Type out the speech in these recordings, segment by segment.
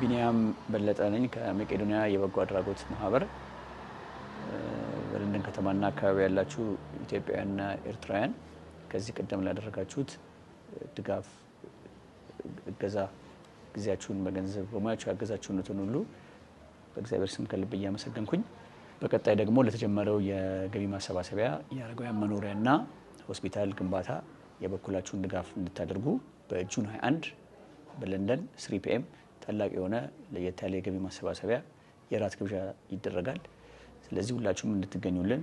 ቢኒያም በለጠ ነኝ ከመቄዶንያ የበጎ አድራጎት ማህበር። በለንደን ከተማና አካባቢ ያላችሁ ኢትዮጵያውያንና ኤርትራውያን ከዚህ ቀደም ላደረጋችሁት ድጋፍ፣ እገዛ፣ ጊዜያችሁን በገንዘብ በሙያችሁ ያገዛችሁነትን ሁሉ በእግዚአብሔር ስም ከልብ እያመሰገንኩኝ በቀጣይ ደግሞ ለተጀመረው የገቢ ማሰባሰቢያ የአረጋውያን መኖሪያና ሆስፒታል ግንባታ የበኩላችሁን ድጋፍ እንድታደርጉ በጁን 21 በለንደን ስሪ ፒኤም ታላቅ የሆነ ለየት ያለ የገቢ ማሰባሰቢያ የራት ግብዣ ይደረጋል። ስለዚህ ሁላችሁም እንድትገኙልን፣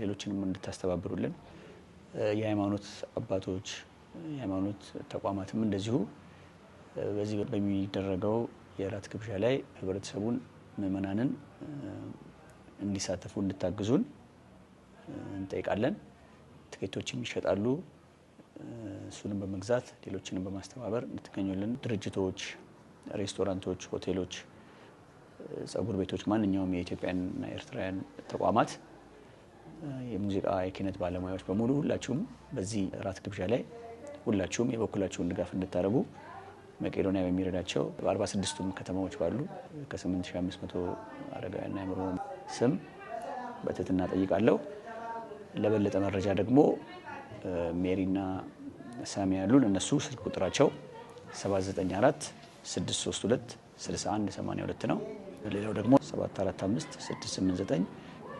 ሌሎችንም እንድታስተባብሩልን የሃይማኖት አባቶች የሃይማኖት ተቋማትም እንደዚሁ በዚህ በሚደረገው የራት ግብዣ ላይ ህብረተሰቡን፣ ምዕመናንን እንዲሳተፉ እንድታግዙን እንጠይቃለን። ትኬቶችም ይሸጣሉ። እሱንም በመግዛት ሌሎችንም በማስተባበር እንድትገኙልን ድርጅቶች፣ ሬስቶራንቶች፣ ሆቴሎች፣ ጸጉር ቤቶች፣ ማንኛውም የኢትዮጵያንና ኤርትራውያን ተቋማት የሙዚቃ የኪነት ባለሙያዎች በሙሉ ሁላችሁም በዚህ ራት ግብዣ ላይ ሁላችሁም የበኩላችሁን ድጋፍ እንድታደርጉ መቄዶንያ በሚረዳቸው በ 46 ከተማዎች ባሉ ከ8500 አረጋውያንና አእምሮ ስም በትህትና ጠይቃለሁ። ለበለጠ መረጃ ደግሞ ሜሪና ሳሚ ያሉን እነሱ ስልክ ቁጥራቸው 794 632 61 82 ነው። ሌላው ደግሞ 745 689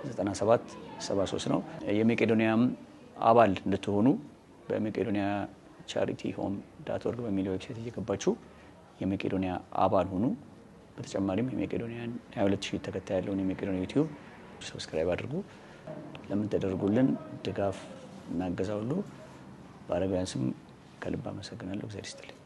97 73 ነው። የመቄዶኒያም አባል እንድትሆኑ በመቄዶኒያ ቻሪቲ ሆም ዳት ኦርግ በሚል ዌብሳይት እየገባችሁ የመቄዶኒያ አባል ሆኑ በተጨማሪም የመቄዶኒያን 22 ሺህ ተከታይ ያለውን የመቄዶኒያ ዩቲዩብ ሰብስክራይብ አድርጉ። ለምትደርጉልን ድጋፍ እና በአረቢያን ሁሉ ስም ከልብ አመሰግናለሁ። እግዚአብሔር ይስጥልኝ።